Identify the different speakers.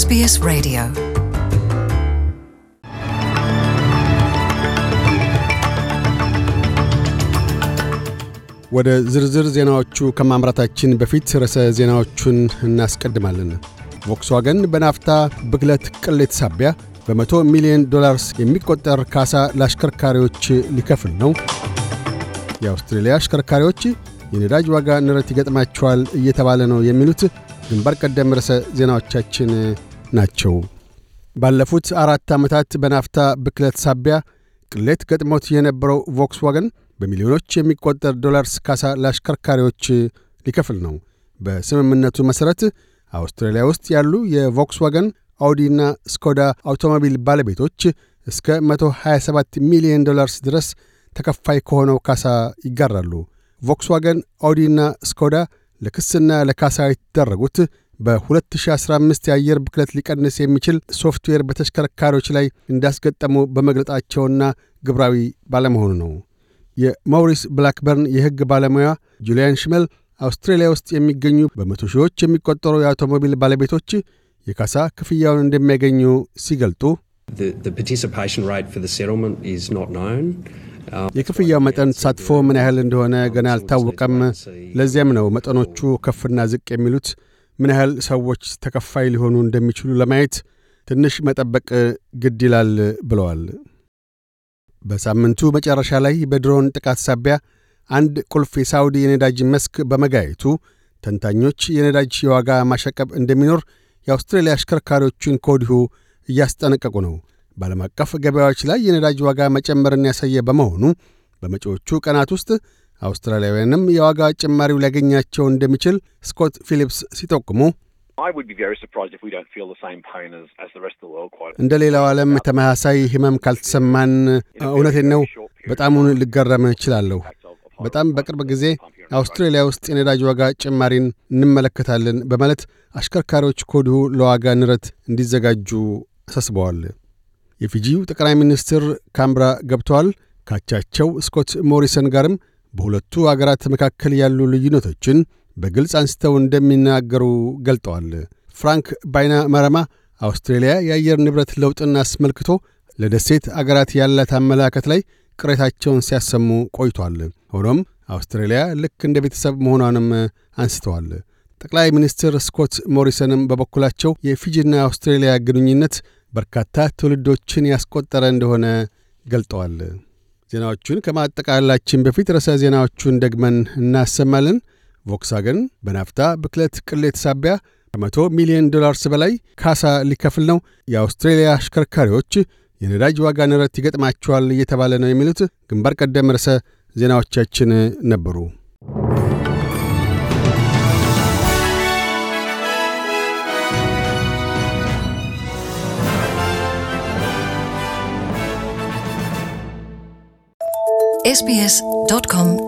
Speaker 1: SBS Radio. ወደ ዝርዝር ዜናዎቹ ከማምራታችን በፊት ርዕሰ ዜናዎቹን እናስቀድማለን። ቮክስዋገን በናፍታ ብክለት ቅሌት ሳቢያ በመቶ ሚሊዮን ዶላርስ የሚቆጠር ካሳ ለአሽከርካሪዎች ሊከፍል ነው። የአውስትሬልያ አሽከርካሪዎች የነዳጅ ዋጋ ንረት ይገጥማቸዋል እየተባለ ነው የሚሉት ግንባር ቀደም ርዕሰ ዜናዎቻችን ናቸው። ባለፉት አራት ዓመታት በናፍታ ብክለት ሳቢያ ቅሌት ገጥሞት የነበረው ቮክስዋገን በሚሊዮኖች የሚቆጠር ዶላርስ ካሳ ለአሽከርካሪዎች ሊከፍል ነው። በስምምነቱ መሠረት አውስትራሊያ ውስጥ ያሉ የቮክስዋገን አውዲና ስኮዳ አውቶሞቢል ባለቤቶች እስከ 127 ሚሊዮን ዶላርስ ድረስ ተከፋይ ከሆነው ካሳ ይጋራሉ። ቮክስዋገን አውዲና ስኮዳ ለክስና ለካሳ የተደረጉት በ2015 የአየር ብክለት ሊቀንስ የሚችል ሶፍትዌር በተሽከርካሪዎች ላይ እንዳስገጠሙ በመግለጣቸውና ግብራዊ ባለመሆኑ ነው። የማውሪስ ብላክበርን የሕግ ባለሙያ ጁሊያን ሽመል አውስትሬሊያ ውስጥ የሚገኙ በመቶ ሺዎች የሚቆጠሩ የአውቶሞቢል ባለቤቶች የካሳ ክፍያውን እንደሚያገኙ ሲገልጡ Um, የክፍያው መጠን ተሳትፎ ምን ያህል እንደሆነ ገና አልታወቀም። ለዚያም ነው መጠኖቹ ከፍና ዝቅ የሚሉት። ምን ያህል ሰዎች ተከፋይ ሊሆኑ እንደሚችሉ ለማየት ትንሽ መጠበቅ ግድ ይላል ብለዋል። በሳምንቱ መጨረሻ ላይ በድሮን ጥቃት ሳቢያ አንድ ቁልፍ የሳውዲ የነዳጅ መስክ በመጋየቱ ተንታኞች የነዳጅ የዋጋ ማሸቀብ እንደሚኖር የአውስትሬሊያ አሽከርካሪዎችን ከወዲሁ እያስጠነቀቁ ነው። በዓለም አቀፍ ገበያዎች ላይ የነዳጅ ዋጋ መጨመርን ያሳየ በመሆኑ በመጪዎቹ ቀናት ውስጥ አውስትራሊያውያንም የዋጋ ጭማሪው ሊያገኛቸው እንደሚችል ስኮት ፊሊፕስ ሲጠቁሙ እንደ ሌላው ዓለም ተመሳሳይ ህመም ካልተሰማን እውነቴን ነው በጣሙን ልገረም እችላለሁ። በጣም በቅርብ ጊዜ አውስትራሊያ ውስጥ የነዳጅ ዋጋ ጭማሪን እንመለከታለን በማለት አሽከርካሪዎች ከወዲሁ ለዋጋ ንረት እንዲዘጋጁ አሳስበዋል። የፊጂው ጠቅላይ ሚኒስትር ካምብራ ገብተዋል። ካቻቸው ስኮት ሞሪሰን ጋርም በሁለቱ አገራት መካከል ያሉ ልዩነቶችን በግልጽ አንስተው እንደሚናገሩ ገልጠዋል። ፍራንክ ባይና መረማ አውስትሬልያ የአየር ንብረት ለውጥን አስመልክቶ ለደሴት አገራት ያላት አመለካከት ላይ ቅሬታቸውን ሲያሰሙ ቆይቷል። ሆኖም አውስትሬልያ ልክ እንደ ቤተሰብ መሆኗንም አንስተዋል። ጠቅላይ ሚኒስትር ስኮት ሞሪሰንም በበኩላቸው የፊጂና አውስትሬልያ ግንኙነት በርካታ ትውልዶችን ያስቆጠረ እንደሆነ ገልጠዋል። ዜናዎቹን ከማጠቃላችን በፊት ርዕሰ ዜናዎቹን ደግመን እናሰማለን። ቮክስዋገን በናፍታ ብክለት ቅሌት ሳቢያ ከመቶ ሚሊዮን ዶላርስ በላይ ካሳ ሊከፍል ነው። የአውስትሬልያ አሽከርካሪዎች የነዳጅ ዋጋ ንረት ይገጥማቸዋል እየተባለ ነው። የሚሉት ግንባር ቀደም ርዕሰ ዜናዎቻችን ነበሩ። sbs.com.au